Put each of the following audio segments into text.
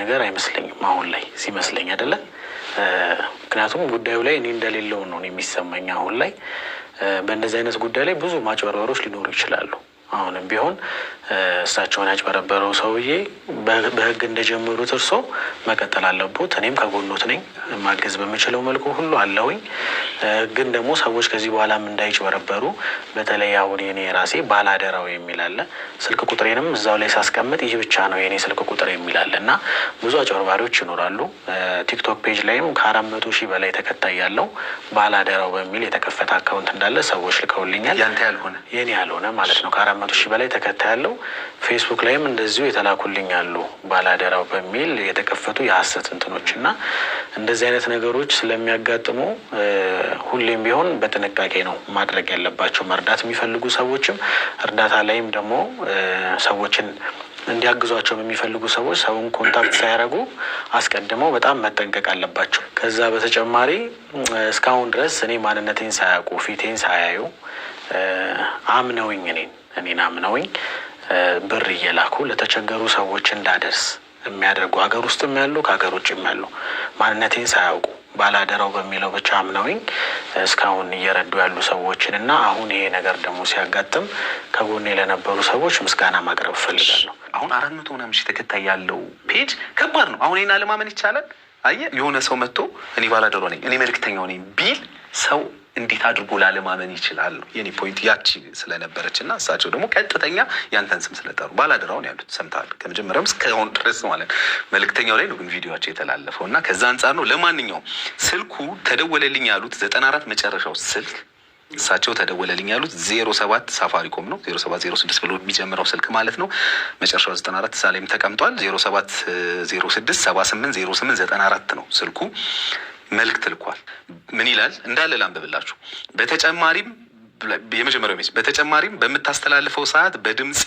ነገር አይመስለኝም። አሁን ላይ ሲመስለኝ አይደለ። ምክንያቱም ጉዳዩ ላይ እኔ እንደሌለው ነው የሚሰማኝ። አሁን ላይ በእነዚህ አይነት ጉዳይ ላይ ብዙ ማጭበርበሮች ሊኖሩ ይችላሉ። አሁንም ቢሆን እሳቸውን ያጭበረበረው ሰውዬ በህግ እንደጀመሩት እርሶ መቀጠል አለቦት። እኔም ከጎኖት ነኝ፣ ማገዝ በምችለው መልኩ ሁሉ አለውኝ። ግን ደግሞ ሰዎች ከዚህ በኋላም እንዳይጭበረበሩ በተለይ አሁን የኔ ራሴ ባላደራው የሚላለ ስልክ ቁጥሬንም እዛው ላይ ሳስቀምጥ ይህ ብቻ ነው የኔ ስልክ ቁጥር የሚል እና ብዙ አጭበርባሪዎች ይኖራሉ። ቲክቶክ ፔጅ ላይም ከአራት መቶ ሺህ በላይ ተከታይ ያለው ባላደራው በሚል የተከፈተ አካውንት እንዳለ ሰዎች ልከውልኛል። ያንተ ያልሆነ የኔ ያልሆነ ማለት ነው ከአራት መቶ ሺህ በላይ ተከታይ ያለው ፌስቡክ ላይም እንደዚሁ የተላኩልኝ አሉ ባላደራው በሚል የተከፈቱ የሀሰት እንትኖች እና እንደዚህ አይነት ነገሮች ስለሚያጋጥሙ ሁሌም ቢሆን በጥንቃቄ ነው ማድረግ ያለባቸው። መርዳት የሚፈልጉ ሰዎችም እርዳታ ላይም ደግሞ ሰዎችን እንዲያግዟቸው የሚፈልጉ ሰዎች ሰውን ኮንታክት ሳያደርጉ አስቀድመው በጣም መጠንቀቅ አለባቸው። ከዛ በተጨማሪ እስካሁን ድረስ እኔ ማንነቴን ሳያውቁ ፊቴን ሳያዩ አምነውኝ እኔን እኔን አምነውኝ ብር እየላኩ ለተቸገሩ ሰዎች እንዳደርስ የሚያደርጉ ሀገር ውስጥም ያሉ ከሀገር ውጭም ያሉ ማንነቴን ሳያውቁ ባላደራው በሚለው ብቻ አምነውኝ እስካሁን እየረዱ ያሉ ሰዎችን እና አሁን ይሄ ነገር ደግሞ ሲያጋጥም ከጎኔ ለነበሩ ሰዎች ምስጋና ማቅረብ እፈልጋለሁ። አሁን አራት መቶ ምናምን ሺህ ተከታይ ያለው ፔጅ ከባድ ነው። አሁን ይህን አለማመን ይቻላል። አየህ የሆነ ሰው መጥቶ እኔ ባላደሮ ነኝ እኔ መልክተኛው ነኝ ቢል ሰው እንዴት አድርጎ ላለማመን ይችላል? የኔ ፖይንት ያቺ ስለነበረች እና እሳቸው ደግሞ ቀጥተኛ ያንተን ስም ስለጠሩ ባላደራውን ያሉት። ሰምተሃል? ከመጀመሪያም እስከሆን ድረስ ማለት መልክተኛው ላይ ነው ግን ቪዲዮቸው የተላለፈው እና ከዛ አንጻር ነው። ለማንኛውም ስልኩ ተደወለልኝ ያሉት ዘጠና አራት መጨረሻው ስልክ እሳቸው ተደወለልኝ ያሉት ዜሮ ሰባት ሳፋሪኮም ነው። ዜሮ ሰባት ዜሮ ስድስት ብሎ የሚጀምረው ስልክ ማለት ነው። መጨረሻው ዘጠና አራት እዛ ላይም ተቀምጧል። ዜሮ ሰባት ዜሮ ስድስት ሰባ ስምንት ዜሮ ስምንት ዘጠና አራት ነው ስልኩ መልእክት ልኳል። ምን ይላል እንዳለ ላንብብላችሁ። በተጨማሪም የመጀመሪያው ሜሴጅ በተጨማሪም በምታስተላልፈው ሰዓት በድምፄ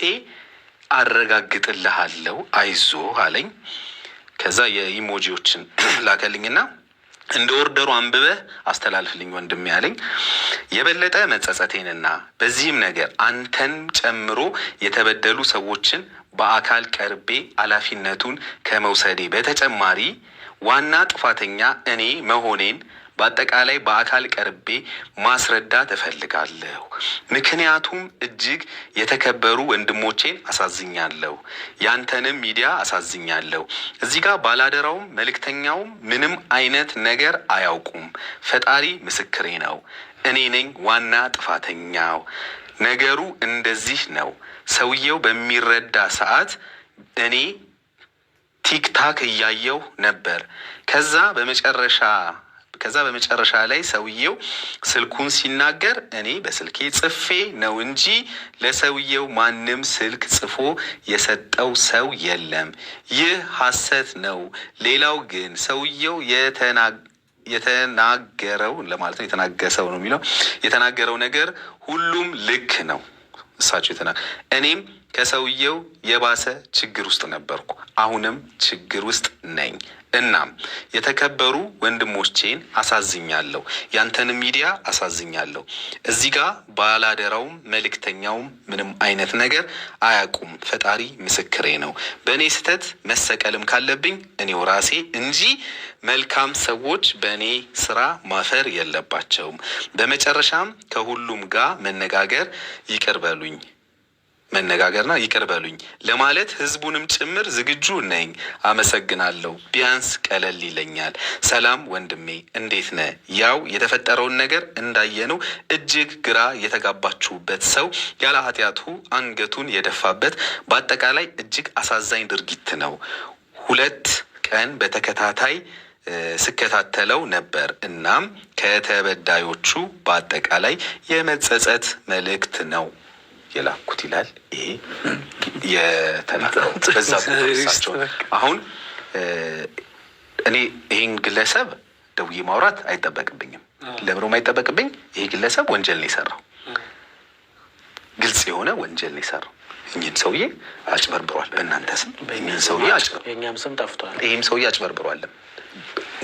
አረጋግጥልሃለሁ አይዞ አለኝ። ከዛ የኢሞጂዎችን ላከልኝና እንደ ኦርደሩ አንብበህ አስተላልፍልኝ ወንድም ያለኝ። የበለጠ መጸጸቴንና በዚህም ነገር አንተን ጨምሮ የተበደሉ ሰዎችን በአካል ቀርቤ ኃላፊነቱን ከመውሰዴ በተጨማሪ ዋና ጥፋተኛ እኔ መሆኔን በአጠቃላይ በአካል ቀርቤ ማስረዳት እፈልጋለሁ። ምክንያቱም እጅግ የተከበሩ ወንድሞቼን አሳዝኛለሁ፣ ያንተንም ሚዲያ አሳዝኛለሁ። እዚህ ጋር ባላደራውም መልእክተኛውም ምንም አይነት ነገር አያውቁም። ፈጣሪ ምስክሬ ነው። እኔ ነኝ ዋና ጥፋተኛው። ነገሩ እንደዚህ ነው። ሰውየው በሚረዳ ሰዓት እኔ ቲክታክ እያየው ነበር። ከዛ በመጨረሻ ከዛ በመጨረሻ ላይ ሰውየው ስልኩን ሲናገር እኔ በስልኬ ጽፌ ነው እንጂ ለሰውየው ማንም ስልክ ጽፎ የሰጠው ሰው የለም። ይህ ሐሰት ነው። ሌላው ግን ሰውየው የተናገረው ለማለት ነው የተናገሰው ነው የሚለው የተናገረው ነገር ሁሉም ልክ ነው። እሳቸው እኔም ከሰውየው የባሰ ችግር ውስጥ ነበርኩ። አሁንም ችግር ውስጥ ነኝ። እናም የተከበሩ ወንድሞቼን አሳዝኛለሁ፣ ያንተንም ሚዲያ አሳዝኛለሁ። እዚህ ጋር ባላደራውም መልእክተኛውም ምንም አይነት ነገር አያውቁም። ፈጣሪ ምስክሬ ነው። በእኔ ስህተት መሰቀልም ካለብኝ እኔው ራሴ እንጂ መልካም ሰዎች በእኔ ስራ ማፈር የለባቸውም። በመጨረሻም ከሁሉም ጋር መነጋገር ይቅር በሉኝ። መነጋገርና ይቅር በሉኝ ለማለት ህዝቡንም ጭምር ዝግጁ ነኝ። አመሰግናለሁ። ቢያንስ ቀለል ይለኛል። ሰላም ወንድሜ፣ እንዴት ነ ያው የተፈጠረውን ነገር እንዳየነው እጅግ ግራ የተጋባችሁበት ሰው ያለ ኃጢአቱ አንገቱን የደፋበት በአጠቃላይ እጅግ አሳዛኝ ድርጊት ነው። ሁለት ቀን በተከታታይ ስከታተለው ነበር። እናም ከተበዳዮቹ በአጠቃላይ የመጸጸት መልእክት ነው። የላኩት ይላል። ይሄ የተላከው በዛ ሳቸው አሁን እኔ ይህን ግለሰብ ደውዬ ማውራት አይጠበቅብኝም። ለምሮም አይጠበቅብኝ። ይሄ ግለሰብ ወንጀል ነው የሰራው፣ ግልጽ የሆነ ወንጀል ነው የሰራው። እኝን ሰውዬ አጭበርብሯል፣ በእናንተ ስም እኝን ሰውዬ አጭበርብሯል፣ ይህም ሰውዬ አጭበርብሯል።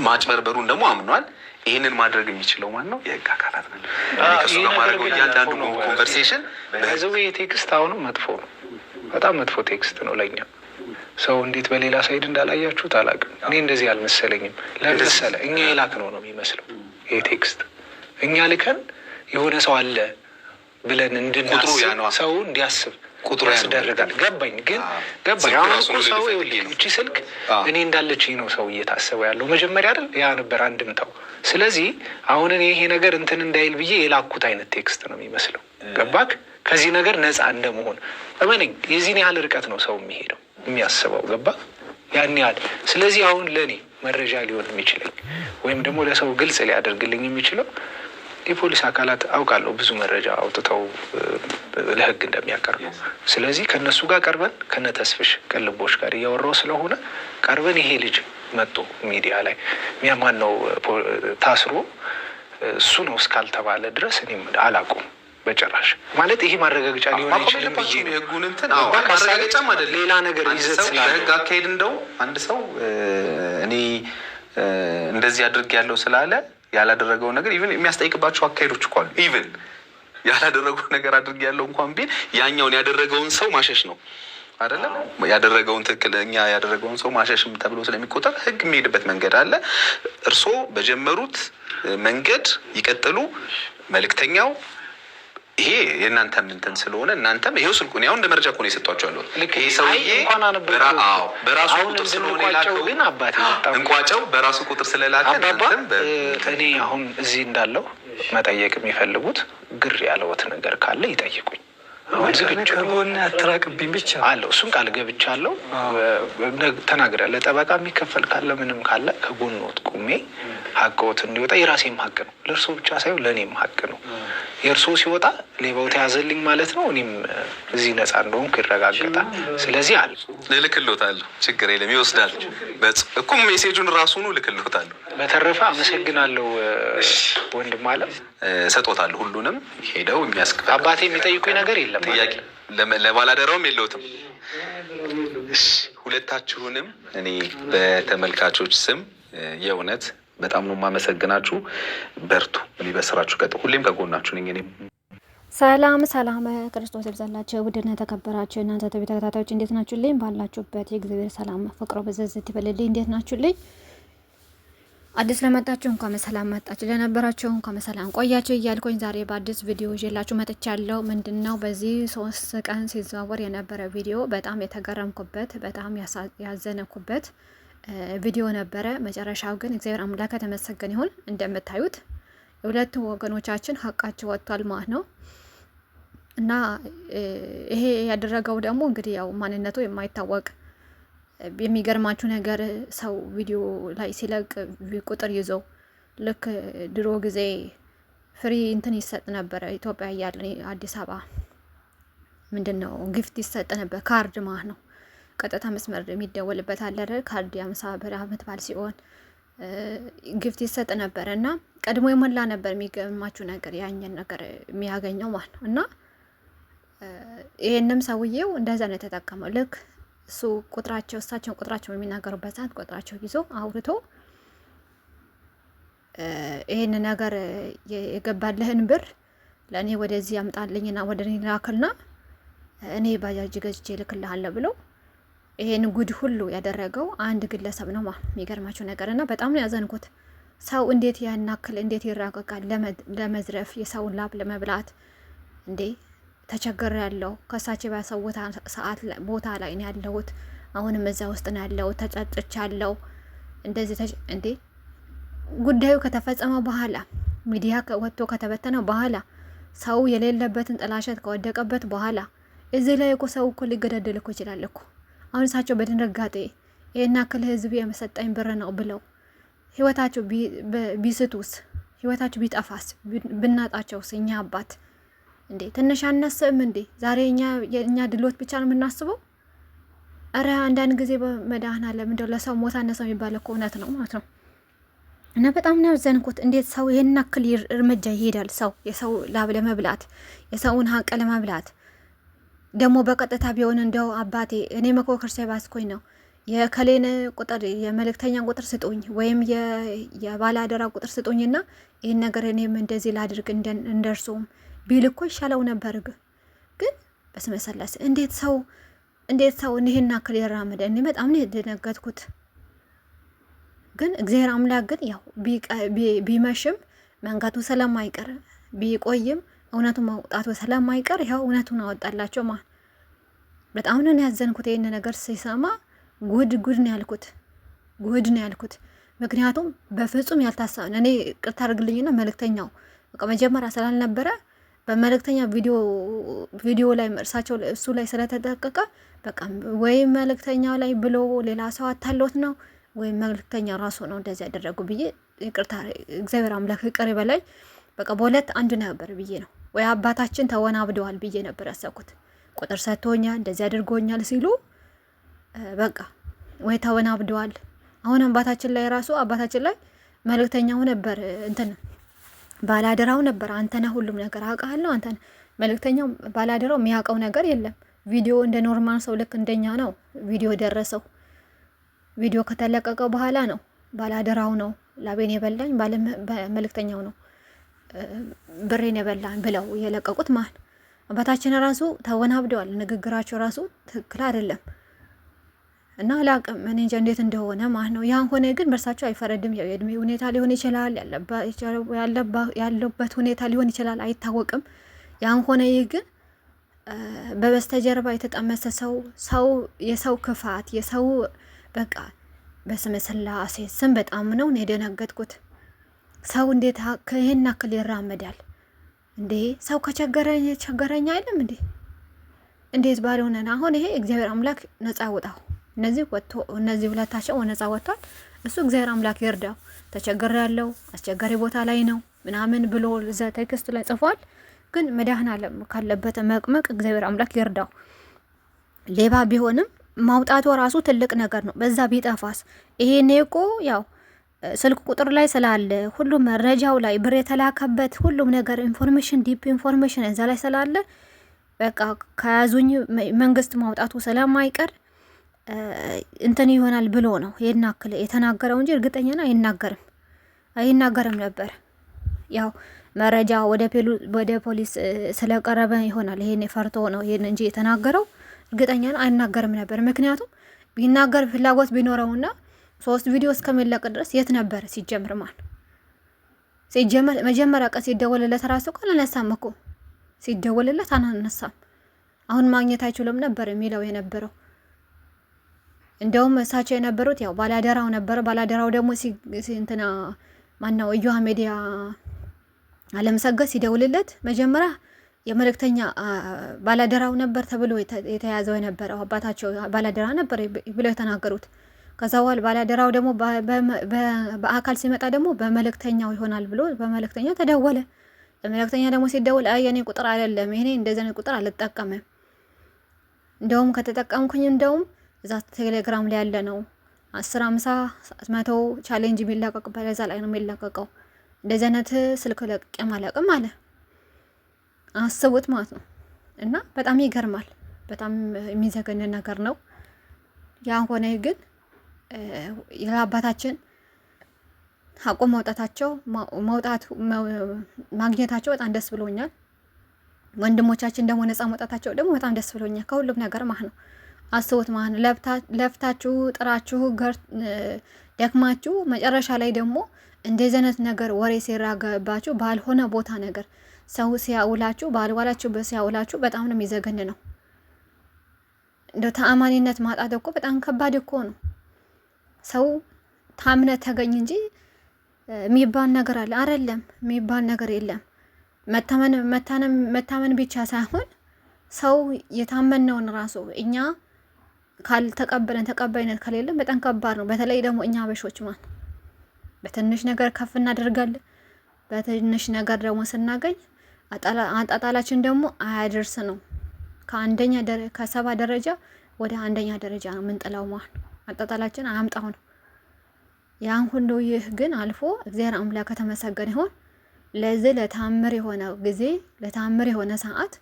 ማጭበርበሩን ደግሞ አምኗል። ይህንን ማድረግ የሚችለው ማን ነው? የህግ አካላት ነን። ከሱ ጋር ማድረገው እያንዳንዱ ኮንቨርሴሽን ህዝቡ የቴክስት አሁንም መጥፎ ነው፣ በጣም መጥፎ ቴክስት ነው ለእኛ ሰው እንዴት በሌላ ሳይድ እንዳላያችሁት አላውቅም። እኔ እንደዚህ አልመሰለኝም። ለመሰለ እኛ የላክ ነው ነው የሚመስለው ይሄ ቴክስት እኛ ልከን የሆነ ሰው አለ ብለን እንድናስብ ሰው እንዲያስብ ቁጥሩ ያስደርጋል። ገባኝ ግን ገባኝ ሰው ይቺ ስልክ እኔ እንዳለች ነው ሰው እየታሰበ ያለው መጀመሪያ አይደል? ያ ነበር አንድምታው። ስለዚህ አሁን እኔ ይሄ ነገር እንትን እንዳይል ብዬ የላኩት አይነት ቴክስት ነው የሚመስለው። ገባክ? ከዚህ ነገር ነፃ እንደመሆን እመነኝ። የዚህን ያህል ርቀት ነው ሰው የሚሄደው የሚያስበው። ገባ? ያን ያህል ስለዚህ አሁን ለእኔ መረጃ ሊሆን የሚችለኝ ወይም ደግሞ ለሰው ግልጽ ሊያደርግልኝ የሚችለው የፖሊስ አካላት አውቃለሁ ብዙ መረጃ አውጥተው ለህግ እንደሚያቀርቡ። ስለዚህ ከነሱ ጋር ቀርበን ከነ ተስፍሽ ቅልቦች ጋር እያወራው ስለሆነ ቀርበን ይሄ ልጅ መጡ ሚዲያ ላይ ሚያማን ነው ታስሮ እሱ ነው እስካልተባለ ድረስ እኔም አላቁም በጭራሽ ማለት ይሄ ማረጋገጫ ሊሆን ይችላል ብዬ የህጉን እንትን ማረጋገጫም አይደለም ሌላ ነገር ይዘት ስላለ ህግ አካሄድ እንደው አንድ ሰው እኔ እንደዚህ አድርግ ያለው ስላለ ያላደረገውን ነገር ኢቨን የሚያስጠይቅባቸው አካሄዶች እኮ አሉ። ኢቨን ያላደረገው ነገር አድርግ ያለው እንኳን ቢል ያኛውን ያደረገውን ሰው ማሸሽ ነው አይደለም ያደረገውን ትክክለኛ ያደረገውን ሰው ማሸሽም ተብሎ ስለሚቆጠር ህግ የሚሄድበት መንገድ አለ። እርስዎ በጀመሩት መንገድ ይቀጥሉ መልእክተኛው ይሄ የእናንተ ምንትን ስለሆነ እናንተም ይሄው ስልኩ ያው እንደ መረጃ እኮ ነው የሰጧቸው ያለው ይሄ ሰውዬ በራሱ ቁጥር ስለሆነ እንቋጨው በራሱ ቁጥር ስለላከ እኔ አሁን እዚህ እንዳለው መጠየቅ የሚፈልጉት ግር ያለወት ነገር ካለ ይጠይቁኝ። ዝግጁ ከሆነ አትራቅብኝ ብቻ አለው። እሱን ቃል ገብቻለሁ ተናግሬያለሁ። ጠበቃ የሚከፈል ካለ ምንም ካለ ከጎንዎት ቁሜ ሀቅዎት እንዲወጣ የራሴም ሀቅ ነው፣ ለእርሶ ብቻ ሳይሆን ለእኔም ሀቅ ነው። የእርሶ ሲወጣ ሌባው ተያዘልኝ ማለት ነው። እኔም እዚህ ነጻ እንደሆንኩ ይረጋገጣል። ስለዚህ አለ እልክልዎታለሁ። ችግር የለም ይወስዳል። በጽ እኩም ሜሴጁን ራሱኑ እልክልዎታለሁ በተረፈ አመሰግናለሁ ወንድም አለ ሰጦታለሁ። ሁሉንም ሄደው የሚያስከፍል አባቴ የሚጠይቁኝ ነገር የለም። ጥያቄ ለባላደራውም የለውትም። ሁለታችሁንም እኔ በተመልካቾች ስም የእውነት በጣም ነው የማመሰግናችሁ። በርቱ፣ እኔ በስራችሁ ቀጥ ሁሌም ከጎናችሁ ነኝ እኔ ሰላም ሰላም ክርስቶስ ይብዛላችሁ። ውድና ተከበራችሁ እናንተ ተቤ ተከታታዮች እንዴት ናችሁልኝ? ባላችሁበት የእግዚአብሔር ሰላም ፍቅሮ በዘዝት ይበልልኝ። እንዴት ናችሁልኝ? አዲስ ለመጣችሁ እንኳን መሰላም መጣችሁ፣ ለነበራችሁ እንኳን መሰላም ቆያችሁ እያልኩኝ ዛሬ በአዲስ ቪዲዮ ይዤላችሁ መጥቻለሁ። ምንድነው በዚህ ሶስት ቀን ሲዘዋወር የነበረ ቪዲዮ በጣም የተገረምኩበት በጣም ያዘነኩበት ቪዲዮ ነበረ። መጨረሻው ግን እግዚአብሔር አምላክ የተመሰገነ ይሁን። እንደምታዩት የሁለቱ ወገኖቻችን ሀቃቸው ወጥቷል ማለት ነው እና ይሄ ያደረገው ደግሞ እንግዲህ ያው ማንነቱ የማይታወቅ የሚገርማችሁ ነገር ሰው ቪዲዮ ላይ ሲለቅ ቁጥር ይዞ ልክ ድሮ ጊዜ ፍሪ እንትን ይሰጥ ነበረ። ኢትዮጵያ እያለ አዲስ አበባ ምንድን ነው ግፍት ይሰጥ ነበር፣ ካርድ ማለት ነው። ቀጥታ መስመር የሚደወልበት አለ ካርድ የአምሳ ብር አመት በዓል ሲሆን ግፍት ይሰጥ ነበር እና ቀድሞ የሞላ ነበር። የሚገርማችሁ ነገር ያኛን ነገር የሚያገኘው ማለት ነው እና ይህንም ሰውዬው እንደዛ ነው የተጠቀመው ልክ እሱ ቁጥራቸው እሳቸውን ቁጥራቸው የሚናገሩበት ሰዓት ቁጥራቸው ይዞ አውርቶ ይህን ነገር የገባልህን ብር ለእኔ ወደዚህ አምጣልኝና ወደ እኔ ላክልና እኔ ባጃጅ ገዝቼ እልክልሃለሁ ብሎ ይሄን ጉድ ሁሉ ያደረገው አንድ ግለሰብ ነው። የሚገርማችሁ ነገር እና በጣም ነው ያዘንኩት። ሰው እንዴት ያናክል እንዴት ይራቀቃል? ለመዝረፍ የሰውን ላብ ለመብላት እንዴ! ተቸገር ያለው ከሳች ባሰው ሰዓት ቦታ ላይ ነው ያለሁት። አሁንም እዛ ውስጥ ነው ያለው። ተጫጭች ያለው እንደዚህ እንዴ ጉዳዩ ከተፈጸመ በኋላ ሚዲያ ወጥቶ ከተበተነ በኋላ ሰው የሌለበትን ጥላሸት ከወደቀበት በኋላ እዚህ ላይ እኮ ሰው እኮ ሊገዳደል እኮ ይችላል እኮ። አሁን እሳቸው በድንጋጤ ይህን ያክል ህዝብ የመሰጠኝ ብር ነው ብለው ህይወታቸው ቢስቱስ ህይወታቸው ቢጠፋስ ብናጣቸውስ እኛ አባት እንዴ ትንሽ አናስብም እንዴ? ዛሬ እኛ ድሎት ብቻ ነው የምናስበው። እረ አንዳንድ ጊዜ በመድኃኒዓለም እንደው ለሰው ሞት አነሰው የሚባለው እኮ እውነት ነው ማለት ነው። እና በጣም ነው ያዘንኩት። እንዴት ሰው ይህን አክል እርምጃ ይሄዳል? ሰው የሰው ላብ ለመብላት የሰውን ሀቅ ለመብላት ደግሞ በቀጥታ ቢሆን እንደው አባቴ እኔ መኮክር ሴባስኮኝ ነው የከሌን ቁጥር የመልእክተኛ ቁጥር ስጡኝ ወይም የባለ አደራ ቁጥር ስጡኝና ይህን ነገር እኔም እንደዚህ ላድርግ እንደርሱም ቢል እኮ ይሻለው ነበር። ግን በስመ ሰላሴ እንዴት ሰው እንዴት ሰው ይሄን አክል ይራመደ? እኔ በጣም ነው የደነገጥኩት። ግን እግዚአብሔር አምላክ ግን ያው ቢመሽም መንጋቱ ስለማይቀር ቢቆይም እውነቱ መውጣቱ ስለማይቀር ያው እውነቱን አወጣላቸው። ማ በጣም ነው ያዘንኩት ይህን ነገር ሲሰማ፣ ጉድ ጉድ ነው ያልኩት፣ ጉድ ነው ያልኩት። ምክንያቱም በፍጹም ያልታሰበ እኔ ቅርታ አድርግልኝና መልእክተኛው በቃ መጀመሪያ ስላልነበረ በመልእክተኛ ቪዲዮ ላይ እርሳቸው እሱ ላይ ስለተጠቀቀ በቃ ወይም መልእክተኛ ላይ ብሎ ሌላ ሰው አታሎት ነው ወይም መልእክተኛ ራሱ ነው እንደዚህ ያደረጉ ብዬ ይቅርታ፣ እግዚአብሔር አምላክ ይቅር በላይ በቃ በሁለት አንድ ነበር ብዬ ነው ወይ አባታችን ተወናብደዋል ብዬ ነበር ያሰብኩት። ቁጥር ሰጥቶኛል እንደዚህ አድርጎኛል ሲሉ በቃ ወይ ተወናብደዋል። አሁን አባታችን ላይ ራሱ አባታችን ላይ መልእክተኛው ነበር እንትን ባላደራው ነበር። አንተ ነህ ሁሉም ነገር አውቃለሁ። አንተ መልእክተኛው ባላደራው የሚያውቀው ነገር የለም። ቪዲዮ እንደ ኖርማል ሰው ልክ እንደኛ ነው። ቪዲዮ ደረሰው። ቪዲዮ ከተለቀቀ በኋላ ነው ባላደራው ነው ላቤን የበላኝ መልእክተኛው ነው ብሬን የበላኝ ብለው የለቀቁት። ማን አባታችን ራሱ ተወናብደዋል። ንግግራቸው ራሱ ትክክል አይደለም። እና አላቅም እኔ እንጃ እንዴት እንደሆነ ማለት ነው። ያን ሆነ ግን በእርሳቸው አይፈረድም። ያው የእድሜ ሁኔታ ሊሆን ይችላል፣ ያለበት ሁኔታ ሊሆን ይችላል፣ አይታወቅም። ያን ሆነ ይህ ግን በበስተጀርባ የተጠመሰ ሰው ሰው የሰው ክፋት የሰው በቃ በስመ ስላሴ ስም በጣም ነው የደነገጥኩት። ሰው እንዴት ይህን አክል ይራመዳል እንዴ? ሰው ከቸገረኝ ቸገረኝ አይልም እንዴ? እንዴት ባልሆነን አሁን ይሄ እግዚአብሔር አምላክ ነጻ ያውጣው። እነዚህ ወጥቶ እነዚህ ሁለታቸው ነጻ ወጥቷል። እሱ እግዚአብሔር አምላክ ይርዳው። ተቸገር ያለው አስቸጋሪ ቦታ ላይ ነው ምናምን ብሎ እዛ ቴክስቱ ላይ ጽፏል። ግን መድኃኔዓለም ካለበት መቅመቅ እግዚአብሔር አምላክ ይርዳው። ሌባ ቢሆንም ማውጣቱ ራሱ ትልቅ ነገር ነው። በዛ ቢጠፋስ? ይሄኔ እኮ ያው ስልክ ቁጥር ላይ ስላለ ሁሉም መረጃው ላይ ብር የተላከበት ሁሉም ነገር ኢንፎርሜሽን፣ ዲፕ ኢንፎርሜሽን እዛ ላይ ስላለ በቃ ከያዙኝ መንግስት ማውጣቱ ስለማይቀር እንትን ይሆናል ብሎ ነው ይናክል የተናገረው እንጂ እርግጠኛ ነው አይናገርም አይናገርም ነበር። ያው መረጃ ወደ ፖሊስ ስለቀረበ ይሆናል ይሄን ፈርቶ ነው ይሄን እንጂ የተናገረው እርግጠኛ ነው አይናገርም ነበር። ምክንያቱም ቢናገር ፍላጎት ቢኖረውና ሶስት ቪዲዮ እስከሚለቅ ድረስ የት ነበር ሲጀምር ማን ሲጀመር መጀመሪያ ቀን ሲደወልለት ራሱ ቃል አነሳም እኮ ሲደወልለት አሁን ማግኘት አይችልም ነበር የሚለው የነበረው እንደውም እሳቸው የነበሩት ያው ባላደራው ነበር። ባላደራው ደግሞ እንትና ማናው እዩ ሜዲያ አለምሰገድ ሲደውልለት መጀመሪያ የመልእክተኛ ባላደራው ነበር ተብሎ የተያዘው የነበረው አባታቸው ባላደራ ነበር ብለው የተናገሩት። ከዛ በኋላ ባላደራው ደግሞ በአካል ሲመጣ ደግሞ በመልእክተኛው ይሆናል ብሎ በመልእክተኛ ተደወለ። በመልእክተኛ ደግሞ ሲደወል አይ የኔ ቁጥር አይደለም ይሄኔ እንደዚህ ቁጥር አልጠቀምም እንደውም ከተጠቀምኩኝ እንደውም እዛ ቴሌግራም ላይ ያለ ነው። አስር አምሳ መቶ ቻሌንጅ የሚለቀቅ እዛ ላይ ነው የሚላቀቀው። እንደዚህ አይነት ስልክ ለቅቄም ማለቅም አለ። አስቡት ማለት ነው። እና በጣም ይገርማል። በጣም የሚዘገንን ነገር ነው። ያ ሆነ ግን የአባታችን ሀቁ መውጣታቸው መውጣቱ ማግኘታቸው በጣም ደስ ብሎኛል። ወንድሞቻችን ደግሞ ነፃ መውጣታቸው ደግሞ በጣም ደስ ብሎኛል። ከሁሉም ነገር ማለት ነው። አስቦት ማን ለፍታችሁ ጥራችሁ ገር ደክማችሁ መጨረሻ ላይ ደግሞ እንደዚህ አይነት ነገር ወሬ ሲራገባችሁ ባልሆነ ቦታ ነገር ሰው ሲያውላችሁ ባልዋላችሁ በሲያውላችሁ በጣም ነው የሚዘገን ነው። እንደ ተአማኒነት ማጣት እኮ በጣም ከባድ እኮ ነው። ሰው ታምነ ተገኝ እንጂ የሚባል ነገር አለ አይደለም? የሚባል ነገር የለም። መታመን ብቻ ሳይሆን ሰው የታመነውን ራሱ እኛ ካልተቀበለን ተቀባይነት ከሌለን በጣም ከባድ ነው። በተለይ ደግሞ እኛ አበሾች ማ በትንሽ ነገር ከፍ እናደርጋለን። በትንሽ ነገር ደግሞ ስናገኝ አጣጣላችን ደግሞ አያደርስ ነው። ከአንደኛ ከሰባ ደረጃ ወደ አንደኛ ደረጃ ነው የምንጥለው። ማን አጣጣላችን አያምጣው ነው። ያን ሁሉ ይህ ግን አልፎ እግዚአብሔር አምላክ ከተመሰገነ ይሆን ለዚህ ለታምር የሆነ ጊዜ ለታምር የሆነ ሰዓት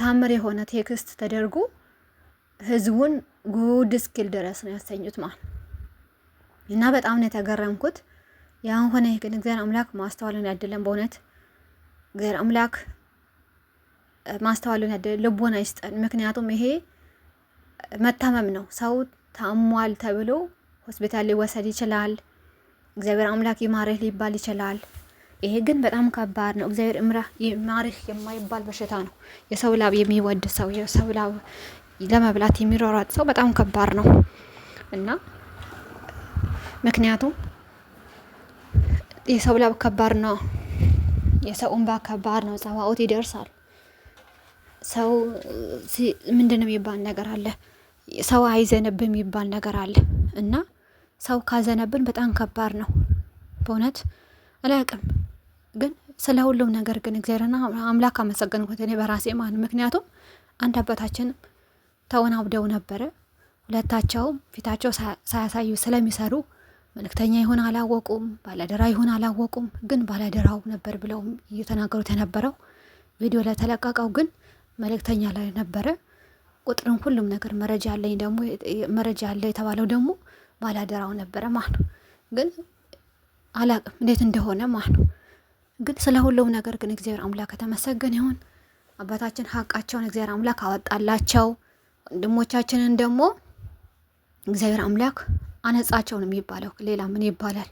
ታምር የሆነ ቴክስት ተደርጎ ህዝቡን ጉድ እስኪል ድረስ ነው ያሰኙት ማለት እና በጣም ነው የተገረምኩት። ያን ሆነ ግን እግዚአብሔር አምላክ ማስተዋልን ያደለን በእውነት እግዚአብሔር አምላክ ማስተዋልን ያደለን ልቦን አይስጠን። ምክንያቱም ይሄ መታመም ነው። ሰው ታሟል ተብሎ ሆስፒታል ሊወሰድ ይችላል። እግዚአብሔር አምላክ ይማርህ ሊባል ይችላል። ይሄ ግን በጣም ከባድ ነው። እግዚአብሔር እምራ ይማርህ የማይባል በሽታ ነው። የሰው ላብ የሚወድ ሰው የሰው ላብ ለመብላት የሚሯሯጥ ሰው በጣም ከባድ ነው እና ምክንያቱም የሰው ላብ ከባድ ነው፣ የሰው እንባ ከባድ ነው። ጸባኦት ይደርሳል። ሰው ምንድን ነው የሚባል ነገር አለ፣ ሰው አይዘነብ የሚባል ነገር አለ እና ሰው ካዘነብን በጣም ከባድ ነው። በእውነት አላቅም ግን ስለ ሁሉም ነገር ግን እግዚአብሔርና አምላክ አመሰገንኩት እኔ በራሴ ማን ምክንያቱም አንድ አባታችን ተወናብደው ነበረ። ሁለታቸውም ፊታቸው ሳያሳዩ ስለሚሰሩ መልእክተኛ ይሆን አላወቁም፣ ባለደራ ይሆን አላወቁም። ግን ባለደራው ነበር ብለው እየተናገሩት የነበረው ቪዲዮ ለተለቀቀው ግን መልእክተኛ ላይ ነበረ። ቁጥርም ሁሉም ነገር መረጃ ያለኝ ደግሞ መረጃ ያለ የተባለው ደግሞ ባላደራው ነበረ ማለት ነው። ግን አላቅም እንዴት እንደሆነ ማለት ነው። ግን ስለ ሁሉም ነገር ግን እግዚአብሔር አምላክ የተመሰገነ ይሁን። አባታችን ሀቃቸውን እግዚአብሔር አምላክ አወጣላቸው። ወንድሞቻችንን ደግሞ እግዚአብሔር አምላክ አነጻቸው ነው የሚባለው። ሌላ ምን ይባላል?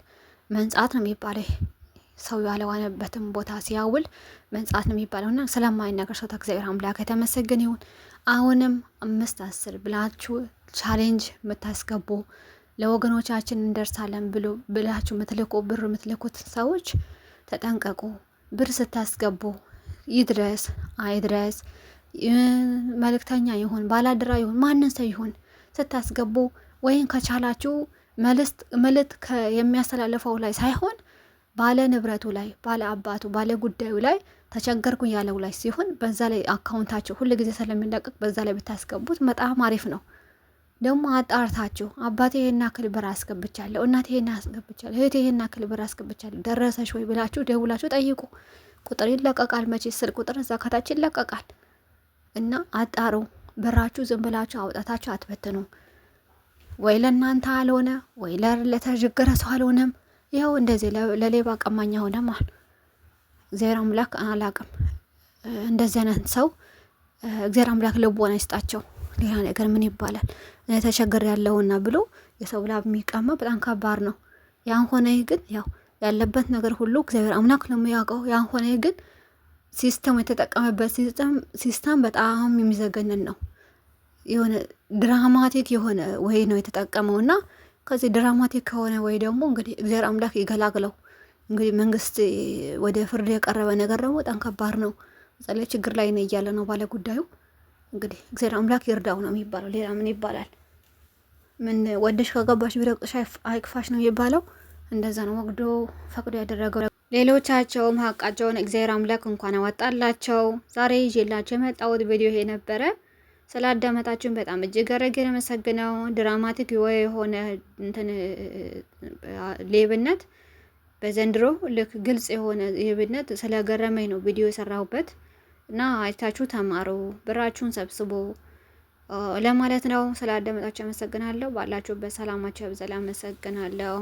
መንጻት ነው የሚባለው። ሰው ያለዋነበትን ቦታ ሲያውል መንጻት ነው የሚባለው እና ስለማይናገር ሰው እግዚአብሔር አምላክ የተመሰገን ይሁን። አሁንም አምስት አስር ብላችሁ ቻሌንጅ የምታስገቡ ለወገኖቻችን እንደርሳለን ብሎ ብላችሁ የምትልኩ ብር የምትልኩት ሰዎች ተጠንቀቁ። ብር ስታስገቡ ይድረስ አይድረስ መልእክተኛ ይሁን ባላደራ ይሁን ማንን ሰው ይሁን ስታስገቡ ወይም ከቻላችሁ መልእክት የሚያስተላልፈው ላይ ሳይሆን ባለ ንብረቱ ላይ ባለ አባቱ ባለ ጉዳዩ ላይ ተቸገርኩ ያለው ላይ ሲሆን በዛ ላይ አካውንታችሁ ሁል ጊዜ ስለሚለቀቅ በዛ ላይ ብታስገቡት በጣም አሪፍ ነው። ደግሞ አጣርታችሁ አባቴ ይሄን ያክል ብር አስገብቻለሁ፣ እናቴ ይሄን አስገብቻለሁ፣ እህቴ ይሄን ያክል ብር አስገብቻለሁ ደረሰሽ ወይ ብላችሁ ደውላችሁ ጠይቁ። ቁጥር ይለቀቃል። መቼ ስል ቁጥር እዛ ከታች ይለቀቃል። እና አጣሩ። ብራችሁ ዝም ብላችሁ አውጣታችሁ አትበትኑ። ወይ ለእናንተ አልሆነ፣ ወይ ለተቸገረ ሰው አልሆነም። ይኸው እንደዚህ ለሌባ ቀማኛ ሆነ ሆነማል። እግዚአብሔር አምላክ አላቅም። እንደዚህ አይነት ሰው እግዚአብሔር አምላክ ልቦና ይስጣቸው። ሌላ ነገር ምን ይባላል? ተቸግር ያለውና ብሎ የሰው ላብ የሚቀማ በጣም ከባድ ነው። ያን ሆነ ግን ያው ያለበት ነገር ሁሉ እግዚአብሔር አምላክ ነው የሚያውቀው። ያን ሆነ ግን ሲስተም የተጠቀመበት ሲስተም በጣም የሚዘገንን ነው። የሆነ ድራማቲክ የሆነ ወይ ነው የተጠቀመው እና ከዚህ ድራማቲክ ከሆነ ወይ ደግሞ እንግዲህ እግዚአብሔር አምላክ ይገላግለው። እንግዲህ መንግስት ወደ ፍርድ የቀረበ ነገር ደግሞ በጣም ከባድ ነው። ጸላይ ችግር ላይ ነው እያለ ነው ባለ ጉዳዩ። እንግዲህ እግዚአብሔር አምላክ ይርዳው ነው የሚባለው። ሌላ ምን ይባላል? ምን ወደሽ ከገባሽ ቢረግጥሽ አይክፋሽ ነው የሚባለው። እንደዛ ነው ወግዶ ፈቅዶ ያደረገው። ሌሎቻቸውም ሀቃቸውን እግዚአብሔር አምላክ እንኳን አወጣላቸው። ዛሬ ይዤላቸው የመጣሁት ቪዲዮ ይሄ ነበረ። ስላዳመጣችሁን በጣም እጅግ አድርጌ አመሰግናለሁ። ድራማቲክ የሆነ እንትን ሌብነት በዘንድሮ ልክ ግልጽ የሆነ ሌብነት ስለገረመኝ ነው ቪዲዮ የሰራሁበት እና አይታችሁ ተማሩ፣ ብራችሁን ሰብስቦ ለማለት ነው። ስላዳመጣችሁ አመሰግናለሁ። ባላችሁበት ሰላማችሁ ያብዛል። አመሰግናለሁ።